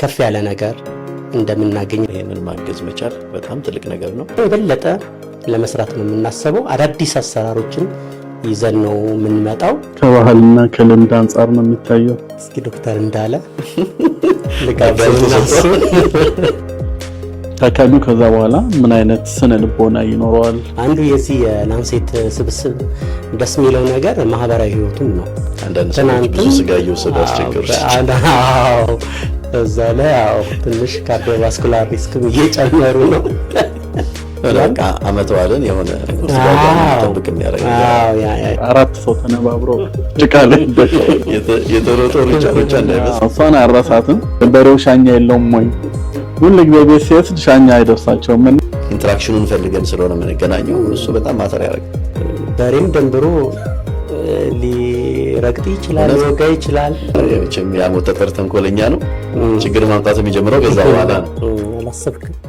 ከፍ ያለ ነገር እንደምናገኝ ይህንን ማገዝ መቻል በጣም ትልቅ ነገር ነው። የበለጠ ለመስራት ነው የምናስበው። አዳዲስ አሰራሮችን ይዘን ነው የምንመጣው። ከባህልና ከልምድ አንጻር ነው የሚታየው። እስኪ ዶክተር እንዳለ ታካሚው ከዛ በኋላ ምን አይነት ስነ ልቦና ይኖረዋል? አንዱ የዚህ የላንሴት ስብስብ ደስ የሚለው ነገር ማህበራዊ ህይወቱም ነው። ትናንት ብዙ ስጋ እየወሰደ አስቸገሩ እዛ ላይ ያው ትንሽ ካርዲዮቫስኩላር ሪስክ እየጨመሩ ነው። በቃ አመት ዋልን የሆነ ጠብቅ የሚያደርግ አራት ሰው ተነባብሮ ጭቃ ላይ የተሮጦ ሩጫ ሩጫ እንዳይመስል እሷን አረሳትም። በሬው ሻኛ የለውም ወይ ሁል ጊዜ ቤት ሲወስድ ሻኛ አይደርሳቸውም። ኢንትራክሽኑን ፈልገን ስለሆነ የምንገናኘው እሱ በጣም ማተር ያደርግ በሬም ደንብሮ ረግጥ ይችላል፣ ወጋ ይችላል። ያሞተ ያሞጠጠር ተንኮለኛ ነው። ችግር ማምጣት የሚጀምረው ከዛ በኋላ ነው። አላሰብክም